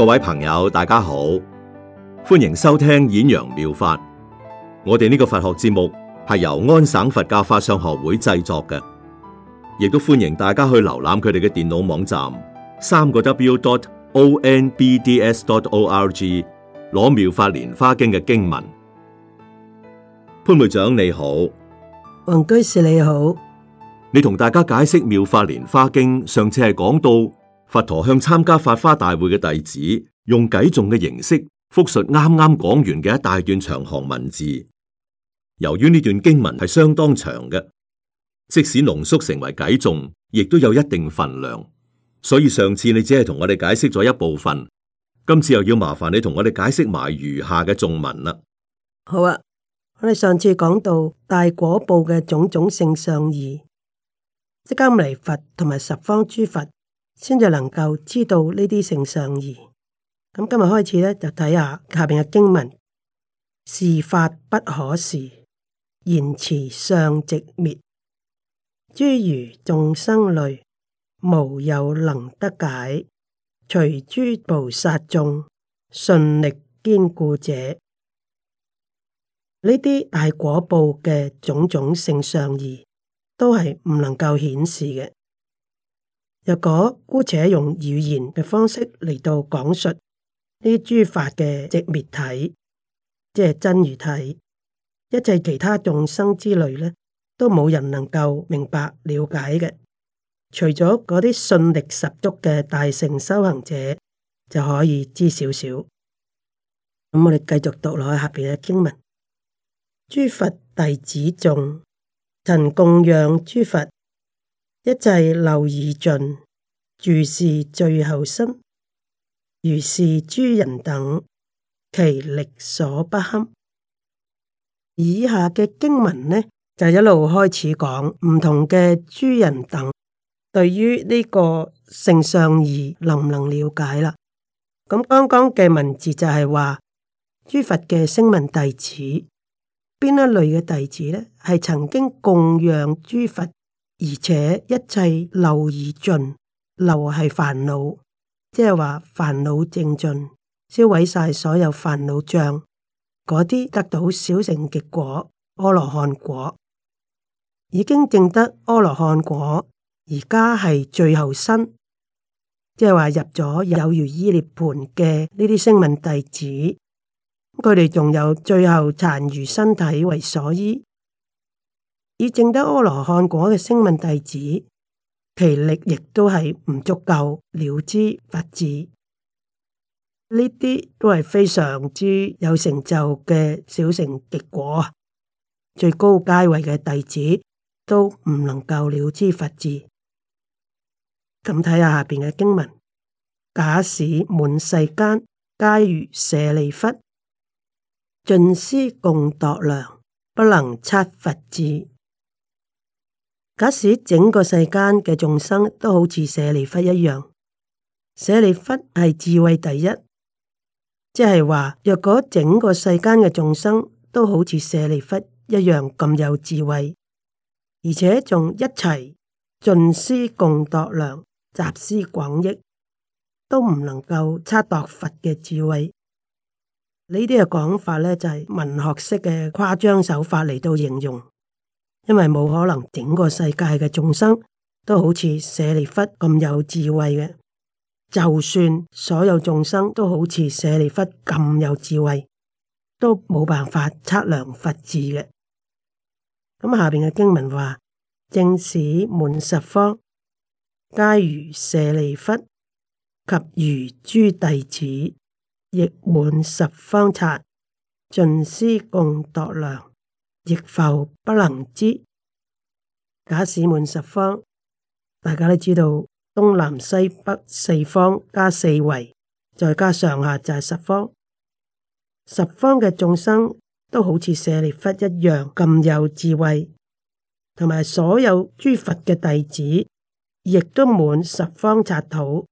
各位朋友，大家好，歡迎收聽演揚妙、妙法。我哋呢個佛學節目係由安省佛教法相學會製作嘅，亦都歡迎大家去瀏覽佢哋嘅電腦網站，三個 w.dot.o.n.b.d.s.dot.o.r.g 攞妙法蓮花經嘅經文。潘會長你好，黃居士你好，你同大家解釋妙法蓮花經，經花經上次係講到。佛陀向參加法花大會嘅弟子用偈頌嘅形式複述啱啱講完嘅一大段長行文字。由於呢段經文係相當長嘅，即使濃縮成為偈頌，亦都有一定份量。所以上次你只係同我哋解釋咗一部分，今次又要麻煩你同我哋解釋埋餘下嘅眾文啦。好啊，我哋上次講到大果報嘅種種性上義，即係今嚟佛同埋十方諸佛，先至能夠知道呢啲聖上義。咁今日開始呢，就睇下下邊嘅經文：是法不可示，言辭上寂滅。諸如眾生類，無有能得解。除諸菩薩眾，順力堅固者，呢啲大果報嘅種種聖上義，都係唔能夠顯示嘅。若果姑且用語言嘅方式嚟到講述呢啲諸法嘅寂滅體，即係真如體，一切其他眾生之類呢，都冇人能夠明白了解嘅，除咗嗰啲信力十足嘅大乘修行者就可以知少少。咁我哋繼續讀落去下邊嘅經文：諸佛弟子眾，曾供養諸佛。一切漏已盡，住是最後身，如是諸人等，其力所不堪。以下嘅經文呢，就一路開始講唔同嘅諸人等對於呢個聖上而能唔能了解啦。咁剛剛嘅文字就係話，諸佛嘅聲聞弟子，邊一類嘅弟子呢，係曾經供養諸佛。而且一切漏已盡，漏係煩惱，即係話煩惱正盡，燒毀晒所有煩惱障。嗰啲得到小成結果，阿羅漢果已經證得阿羅漢果。而家係最後身，即係話入咗有餘依涅槃嘅呢啲聲聞弟子，佢哋仲有最後殘餘身體為所依。以證得阿羅漢果嘅聲聞弟子，其力亦都係唔足夠了知佛智。呢啲都係非常之有成就嘅小乘結果，最高階位嘅弟子都唔能夠了知佛智。咁睇下下邊嘅經文：假使滿世間皆如舍利弗，盡思共度量，不能測佛智。假使整個世間嘅眾生都好似舍利弗一樣，舍利弗係智慧第一，即係話若果整個世間嘅眾生都好似舍利弗一樣咁有智慧，而且仲一齊盡思共度量，集思廣益，都唔能夠測度佛嘅智慧，呢啲嘅講法呢，就係文學式嘅誇張手法嚟到形容。因為冇可能整個世界嘅眾生都好似舍利弗咁有智慧嘅，就算所有眾生都好似舍利弗咁有智慧，都冇辦法測量佛智嘅。咁下邊嘅經文話：正使滿十方，皆如舍利弗，及如諸弟子，亦滿十方剎，盡思共度量。亦復不能知。假使滿十方，大家都知道東南西北四方加四維，再加上下就係十方。十方嘅眾生都好似舍利弗一樣咁有智慧，同埋所有諸佛嘅弟子，亦都滿十方剎土，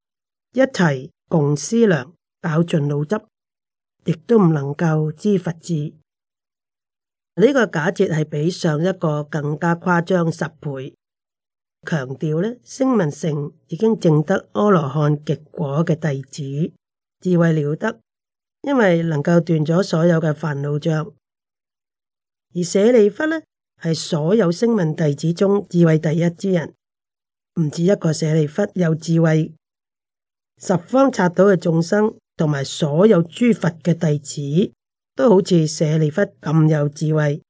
一齊共思量，絞盡腦汁，亦都唔能夠知佛智。呢個假設係比上一個更加誇張十倍，強調呢，聲聞乘已經證得阿羅漢極果嘅弟子，智慧了得，因為能夠斷咗所有嘅煩惱障。而舍利弗呢，係所有聲聞弟子中智慧第一之人，唔止一個舍利弗有智慧，十方剎土嘅眾生同埋所有諸佛嘅弟子。都好似舍利弗咁有智慧，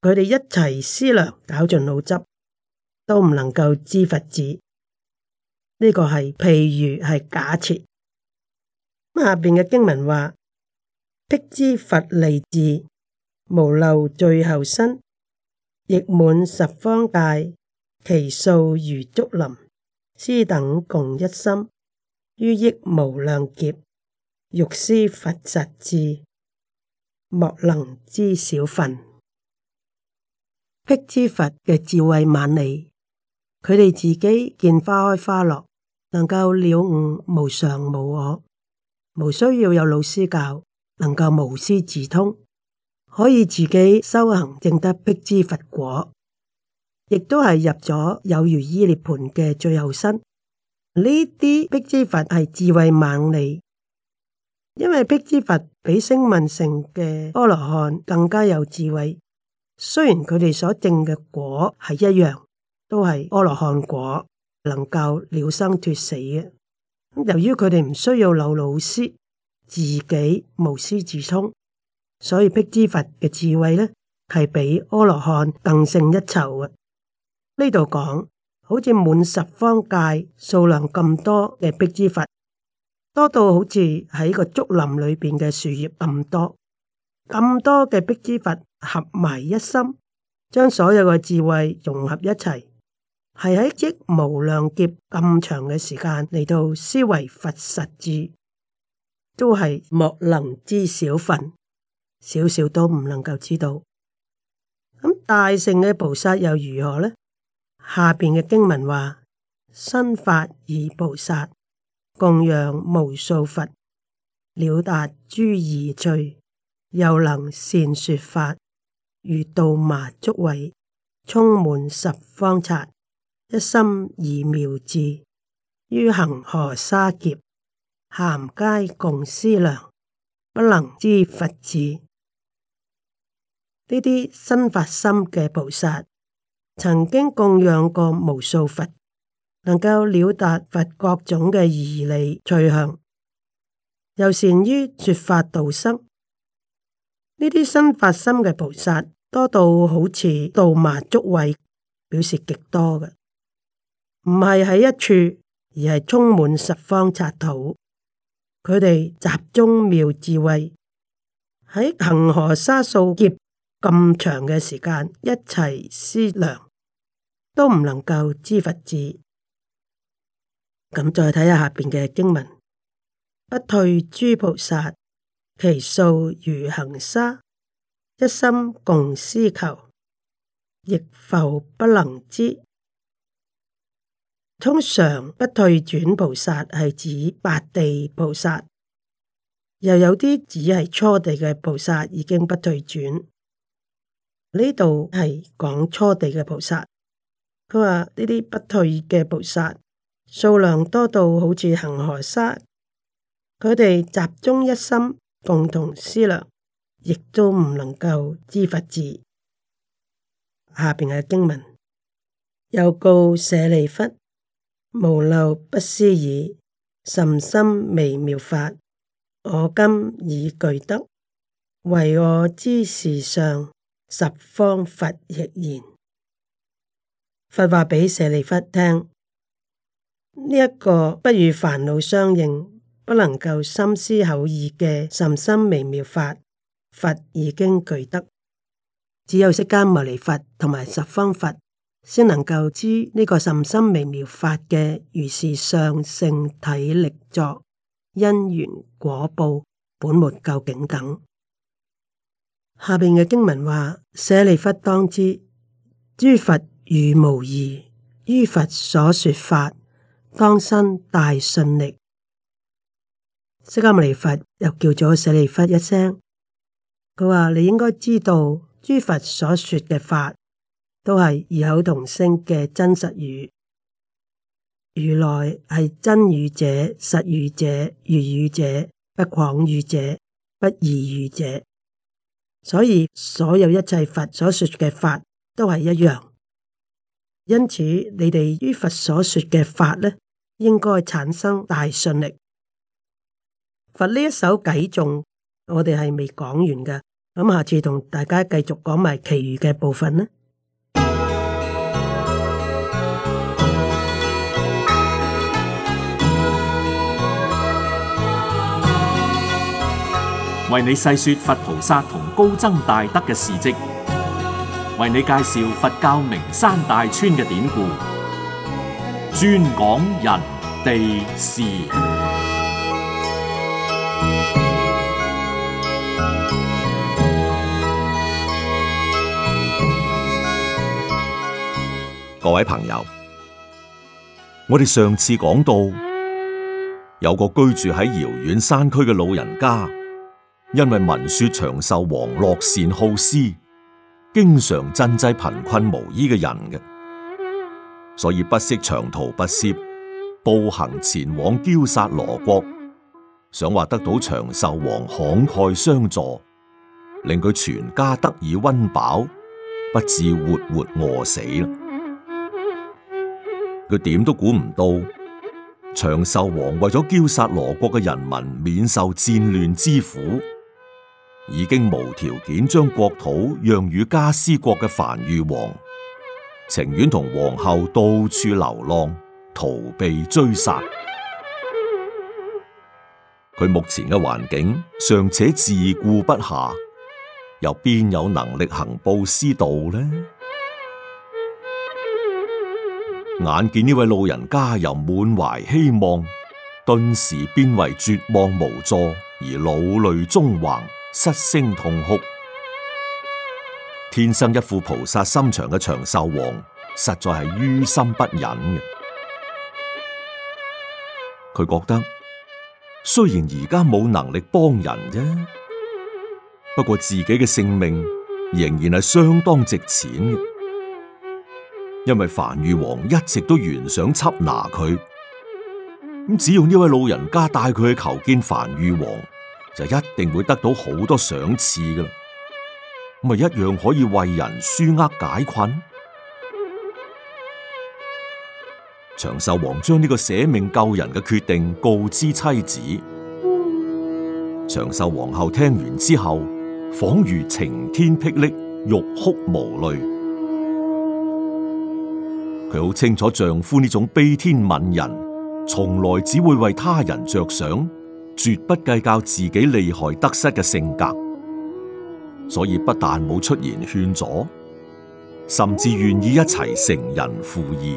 佢哋一齊思量，搞盡腦汁，都唔能夠知佛智。呢、這個係譬如係假設。下邊嘅經文話：辟支佛利智，無漏最後身，亦滿十方界，其數如竹林，斯等共一心，於益無量劫，欲思佛實智。莫能知少分。辟支佛嘅智慧猛利，佢哋自己見花開花落，能夠了悟無常無我，無需要有老師教，能夠無師自通，可以自己修行證得辟支佛果，亦都係入咗有如依涅槃嘅最後身。呢啲辟支佛係智慧猛利。因為辟支佛比聲聞乘嘅阿羅漢更加有智慧，雖然佢哋所證嘅果係一樣，都係阿羅漢果，能夠了生脱死嘅。由於佢哋唔需要留老師，自己無師自通，所以辟支佛嘅智慧呢，係比阿羅漢更勝一籌啊！呢度講，好似滿十方界數量咁多嘅辟支佛。多到好似喺個竹林裏邊嘅樹葉咁多，咁多嘅辟支佛合埋一心，將所有嘅智慧融合一齊，係喺億無量劫咁長嘅時間嚟到思維佛實智，都係莫能知少分，少少都唔能夠知道。咁大乘嘅菩薩又如何呢？下邊嘅經文話：新發意菩薩。供養無數佛，了達諸義趣，又能善說法，如稻麻竹葦，充滿十方剎，一心而妙智，於恆河沙劫，咸皆共思量，不能知佛智。呢啲新發心嘅菩薩，曾經供養過無數佛。能夠了達佛各種嘅義理趣向，又善於說法道生。呢啲新發心嘅菩薩多到好似稻麻竹葦，表示極多嘅，唔係喺一處，而係充滿十方剎土。佢哋集中妙智慧，喺恒河沙數劫咁長嘅時間一齊思量，都唔能夠知佛智。咁再睇下下邊嘅經文，不退諸菩薩，其數如恒沙，一心共思求，亦復不能知。通常不退轉菩薩係指八地菩薩，又有啲只係初地嘅菩薩已經不退轉。呢度係講初地嘅菩薩，佢話呢啲不退嘅菩薩，數量多到好似恒河沙，佢哋集中一心共同思量，亦都唔能夠知佛智。下邊係經文，又告舍利弗：無漏不思議甚深微妙法，我今已具得，唯我知是相，十方佛亦然。佛話俾舍利弗聽。呢一個不與煩惱相應，不能夠心思口意嘅甚深微妙法，佛已經具得。只有釋迦牟尼佛同埋十方佛先能夠知呢個甚深微妙法嘅如是上性體力作因緣果報本末究竟等。下邊嘅經文話：舍利弗當知，諸佛語無異，於佛所說法。當身大信力，釋迦牟尼佛又叫咗舍利弗一聲，佢話：你應該知道，諸佛所說嘅法，都係異口同聲嘅真實語。如來係真語者、實語者、如語者、不诳語者、不異語者，所以所有一切佛所說嘅法都係一樣。因此，你哋於佛所說嘅法呢。應該產生大信力。佛呢一首偈頌，我哋係未講完嘅，咁下次同大家繼續講埋其餘嘅部分呢。為你細說佛菩薩同高僧大德嘅事跡，為你介紹佛教名山大川嘅典故。專講人地事，各位朋友，我哋上次講到，有個居住喺遙遠山區嘅老人家，因為聞說長壽王樂善好施，經常賑濟貧困無依嘅人嘅。所以不惜長途跋涉，步行前往憍殺羅國，想話得到長壽王慷慨相助，令佢全家得以溫飽，不至活活餓死。佢點都估唔到，長壽王為咗憍殺羅國嘅人民免受戰亂之苦，已經無條件將國土讓予迦尸國嘅梵豫王。情願同皇后到處流浪，逃避追殺。佢目前嘅環境尚且自顧不暇，又邊有能力行布施道呢？眼見呢位老人家由滿懷希望，頓時變為絕望無助，而老淚縱橫，失聲痛哭。天生一副菩薩心腸嘅長壽王，實在係於心不忍嘅。佢覺得雖然而家冇能力幫人啫，不過自己嘅性命仍然係相當值錢嘅。因為梵豫王一直都原想緝拿佢，咁只要呢位老人家帶佢去求見梵豫王，就一定會得到好多賞賜㗎喇。咪一樣可以為人紓厄解困。 長壽王將呢個捨命救人嘅決定告知妻子。 長壽皇后聽完之後，恍如晴天霹靂，欲哭無淚。佢好 清楚丈夫呢種悲天憫人，從來只會為他人着想，絕不計較自己利害得失嘅性格。所以不但冇出言勸阻，甚至願意一齊成人赴義。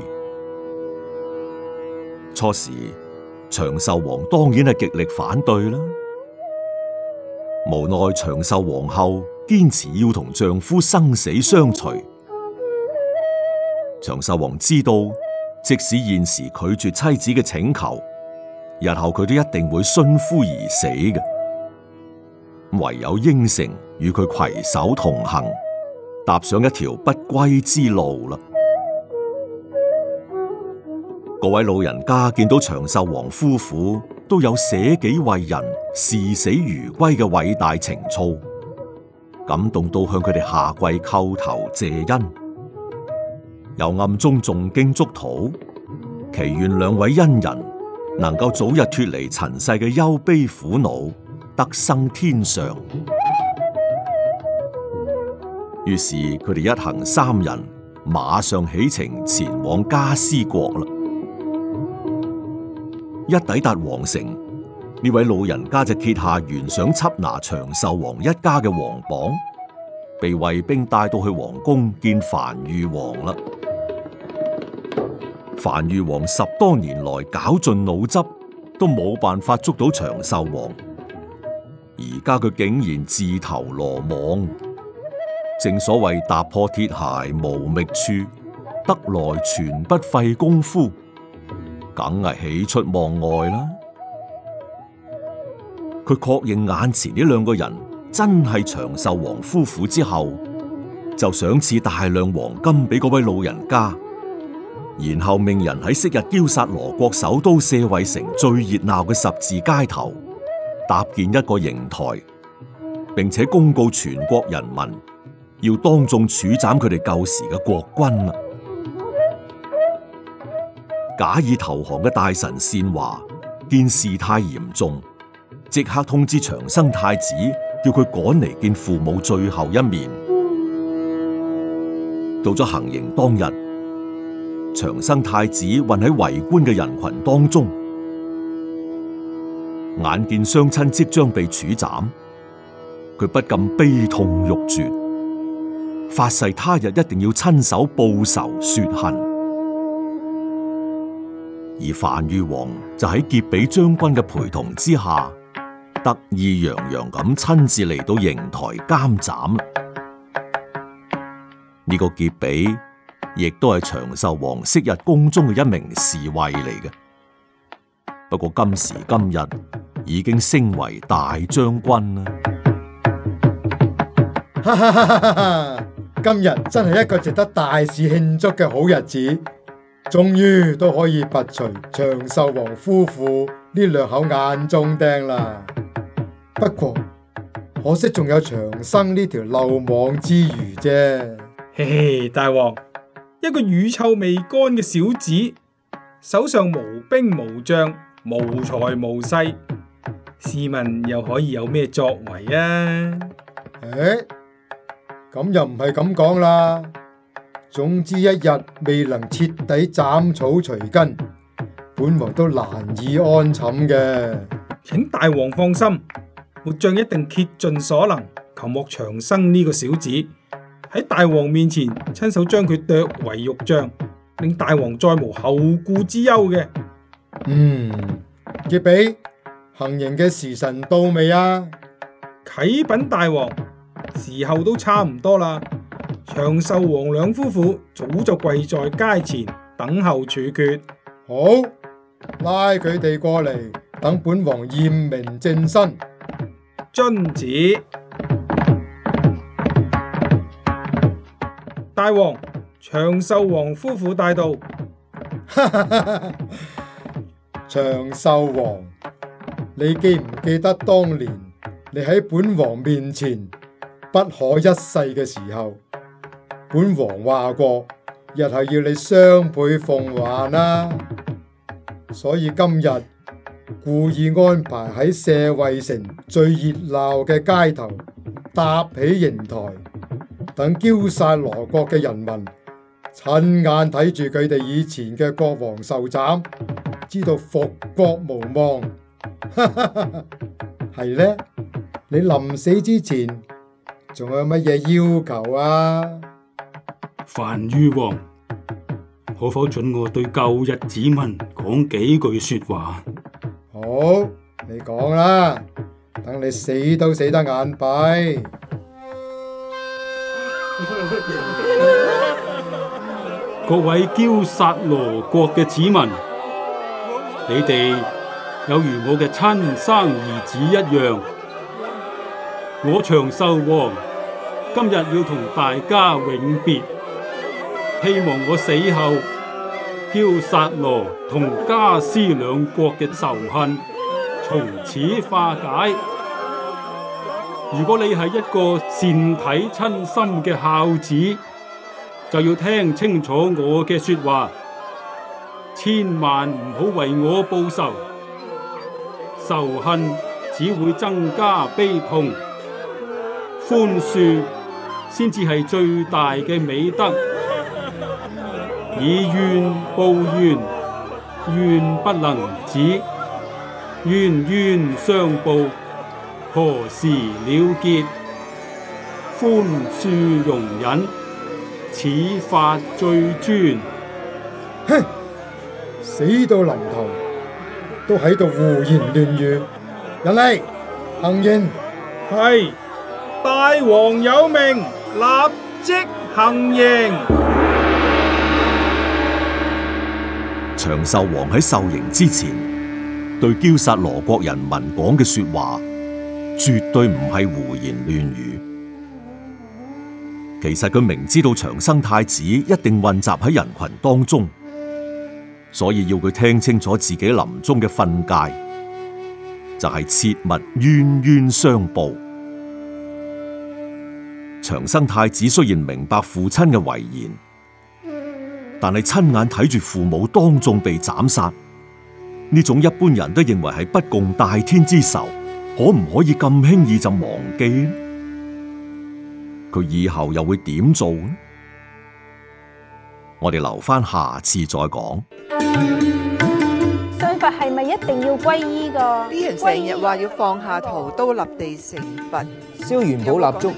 初時長壽王當然係極力反對啦，無奈長壽皇后堅持要同丈夫生死相隨。長壽王知道，即使現時拒絕妻子嘅請求，日後佢都一定會殉夫而死嘅。唯有應承與佢攜手同行，踏上一條不歸之路啦！ 各位老人家見到長壽王夫婦都有捨己為人、視死如歸嘅偉大情操，感動到向佢哋下跪叩頭謝恩，又暗中誦經祝禱，祈願兩位恩人能夠早日脱離塵世嘅憂悲苦惱。得生天上，於是佢哋一行三人馬上起程前往加斯國啦。一抵達皇城，呢位老人家就揭下懸賞緝拿長壽王一家嘅皇榜，被衛兵帶到去皇宮見樊裕王啦。樊裕王十多年來絞盡腦汁，都冇辦法捉到長壽王。而家佢竟然自投羅網，正所謂踏破鐵鞋無覓處，得來全不費功夫，梗係喜出望外啦！佢確認眼前呢兩個人真係長壽王夫婦之後，就賞賜大量黃金俾嗰位老人家，然後命人喺昔日憍薩羅國首都舍衛城最熱鬧嘅十字街頭，搭建一個刑台，並且公告全國人民，要當眾處斬佢哋舊時嘅國君。假意投降嘅大臣善華見事態嚴重，即刻通知長生太子，叫佢趕嚟見父母最後一面。到咗行刑當日，長生太子混喺圍觀嘅人群當中。眼見相親即將被處斬，佢不禁悲痛欲絕，發誓他日一定要親手報仇雪恨。而范玉王就喺劫比將軍嘅陪同之下，得意洋洋咁親自嚟到刑台監斬。呢、這個劫比亦都係長壽王昔日宮中嘅一名侍衛嚟嘅，不過今時今日。已經升為大將軍啦！ 今日真係一個值得大肆慶祝嘅好日子，終於都可以拔除長壽王夫婦呢兩口眼中釘啦。不過可惜仲有長生呢條漏網之魚啫。嘿嘿，大王，一個乳臭未乾嘅小子，手上無兵無將，無才無勢。試問又可以有咩作為啊？哎、欸，咁又唔係咁講啦。總之一日未能徹底斬草除根，本王都難以安寢嘅。請大王放心，末將一定竭盡所能，擒獲長生呢個小子，喺大王面前親手將佢剁為肉醬，令大王再無後顧之憂嘅。嗯，接比。行刑嘅時辰到未啊？啟稟大王，時候都差唔多啦。長壽王兩夫婦早就跪在街前等候處決。好，拉佢哋過嚟，等本王驗明正身。遵旨，大王，長壽王夫婦帶到。 長壽王。你記唔記得當年你喺本王面前不可一世嘅時候，本王話過日後，要你雙倍奉還啦。所以今日故意安排喺舍衛城最熱鬧嘅街頭搭起刑台，等憍薩羅國嘅人民親眼睇住佢哋以前嘅國王受斬，知道復國無望。係咧， 你臨死之前仲有乜嘢要求啊？范于王，可否准我對舊日子民講幾句說話？好，你講啦，等你死都死得眼閉。 各位憍薩羅國嘅子民， 你哋。有如我嘅親生兒子一樣，我長壽王今日要同大家永別。希望我死後，叫薩羅同加斯兩國嘅仇恨從此化解。如果你係一個善體親心嘅孝子，就要聽清楚我嘅說話，千萬唔好爲我報仇。仇恨只會增加悲痛，寬恕先至係最大嘅美德。以怨報怨，怨不能止，冤冤相報，何時了結？寬恕容忍，此法最尊。哼，死到臨頭。都喺度胡言亂語，人嚟，行刑，係大王有命，立即行刑。長壽王喺受刑之前對憍薩羅國人民講嘅說話，絕對唔係胡言亂語。其實佢明知道長生太子一定混雜喺人群當中。所以要佢聽清楚自己臨終嘅訓誡，就係切勿冤冤相報。長生太子雖然明白父親嘅遺言，但係親眼睇住父母當眾被斬殺，呢種一般人都認為係不共戴天之仇，可唔可以咁輕易就忘記？佢以後又會點做呢？我哋留翻下次再講。信佛係咪一定要皈依噶？啲人成日話要放下屠刀立地成佛，燒元寶蠟燭、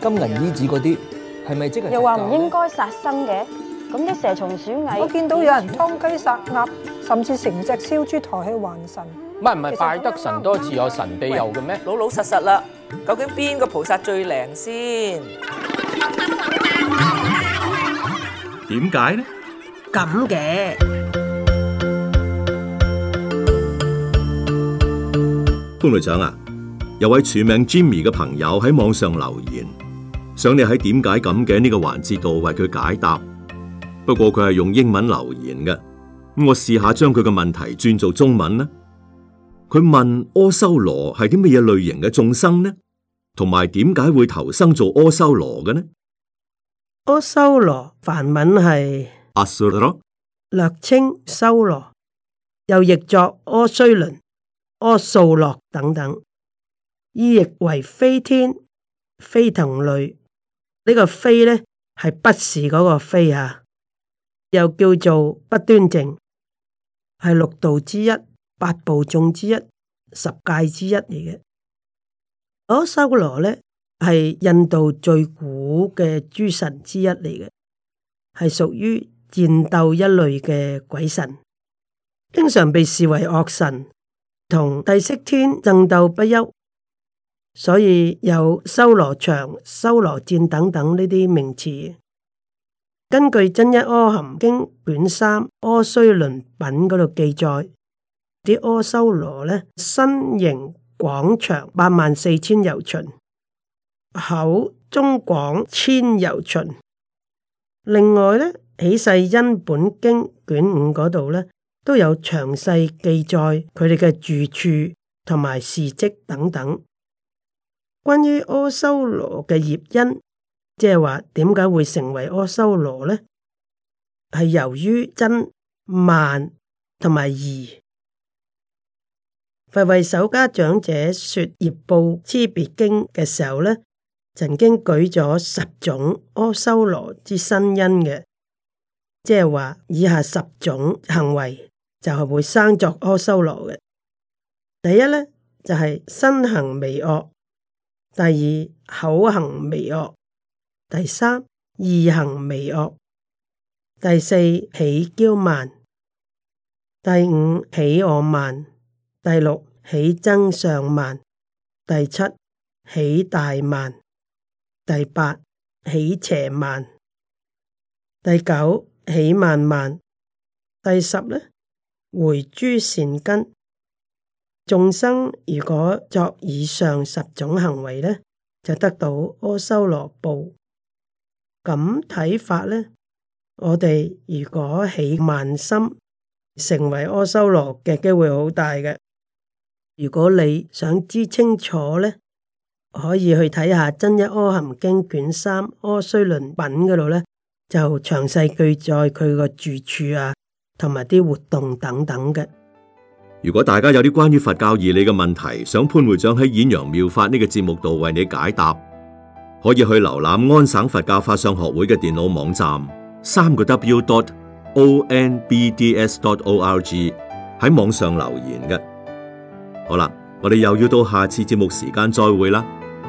金銀衣紙嗰啲，係咪即係？又話唔應該殺生嘅，咁啲蛇蟲鼠蟻，我見到有人劏雞殺鴨，甚至成隻燒豬抬去還神。唔係唔係，拜得神多自有神庇佑嘅咩？老老實實啦，究竟邊個菩薩最靈先？點解呢？咁嘅潘隊長啊，有位署名 Jimmy 嘅朋友喺網上留言，想你喺點解咁嘅呢個環節度為佢解答。不過佢係用英文留言嘅，咁我試下將佢嘅問題轉做中文啦。佢問阿修羅係啲乜嘢類型嘅眾生呢？同埋點解會投生做阿修羅嘅呢？阿修羅梵文係，略稱修羅，又譯作阿須倫、阿素洛等等，意譯為非天、非騰類。這個、呢個非咧係不是嗰個非啊，又叫做不端正，係六道之一、八部眾之一、十界之一嚟嘅。阿修羅咧。係印度最古嘅諸神之一嚟嘅，係屬於戰鬥一類嘅鬼神，經常被視為惡神，同帝釋天爭鬥不休，所以有修羅場、修羅戰等等呢啲名詞。根據《真一阿含經》卷三《阿須倫品》嗰度記載，啲阿修羅呢，身形廣長，八萬四千由旬。口、中、廣、千、由旬。另外呢，《起世因本經》卷五嗰度呢都有詳細記載佢哋嘅住處同埋事迹等等。關於阿修羅嘅業因，即係話點解會成為阿修羅呢？係由於瞋慢同埋疑，係為首迦長者說《業報差別經》嘅時候呢。曾經舉咗十種阿修羅之身因嘅，即係話以下十種行為就係會生作阿修羅嘅。第一呢，就係、是、身行微惡，第二口行微惡，第三意行微惡，第四喜驕慢，第五喜我慢，第六喜增上慢，第七喜大慢。第八起邪慢，第九起慢慢，第十呢，回諸善根。眾生如果作以上十種行為呢，就得到阿修羅報。咁睇法呢，我哋如果起慢心，成為阿修羅嘅機會好大嘅。如果你想知清楚呢。可以去睇下《真一阿含經》卷三《阿須倫品》嗰度咧，就詳細記載佢個住處啊，同埋啲活動等等嘅。如果大家有啲關於佛教義理嘅問題，想潘會長喺《演揚妙法》呢個節目度為你解答，可以去瀏覽安省佛教法相學會嘅電腦網站，三個 W dot O N B D S dot O R G 喺網上留言嘅。好啦，我哋又要到下次節目時間再會啦。